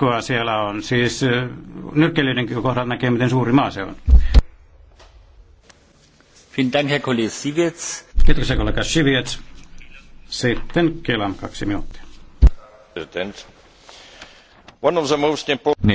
Kuka siellä on. Siis nyrkkeilyiden kohdalla näkee, miten suuri maa se on. Kiitoksia kollega Sivets. Sitten Kelam kaksi minuuttia. One